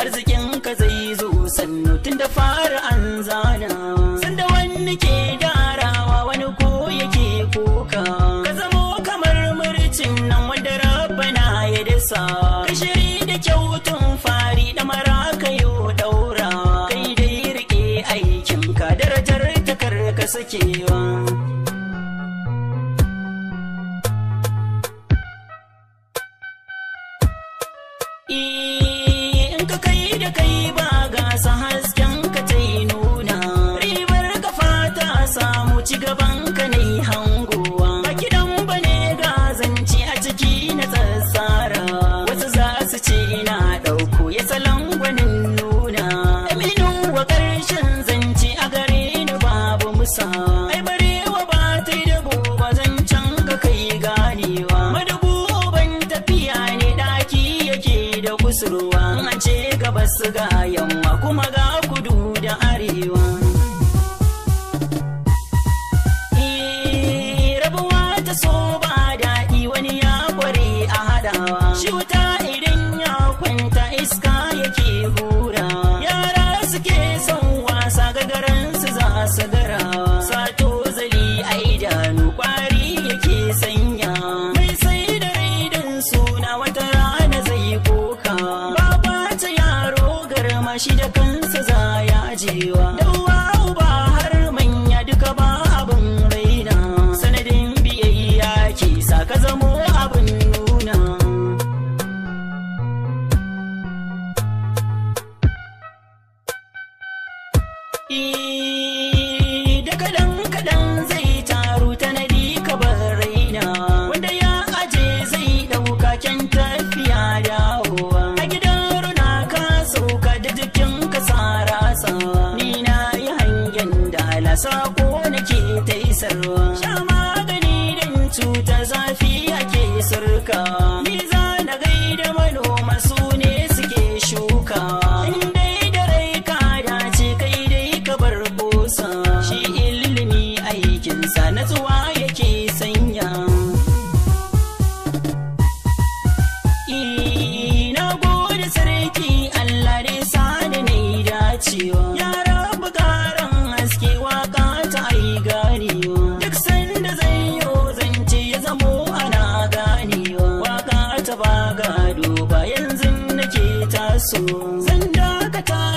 arzikin ka zai zo sannu tun da fara an zana sanda wani ke darawa, wani ko yake koka ka zamo kamar murcin nan wanda na ya dasa ka shiri da kyautun fari da mara ka yi daura kai dai rike aikin ka darajar takar ka sakewa E gaban ka ne hangowa ba kiɗan ba ne ga zance a ciki na tsatsara wasu za su ce na ɗauko ya salon gwanin nuna aminin wa ƙarshen zance a gare ni babu musawa ai barewa ba ta yi dabo ba zancen ka kai ganewa madubu ban tafiya ne ɗaki yake da kusurwa an ce gabas ga yamma kuma ga shi da kansa za ya ajiyewa. sarwa so zan dakata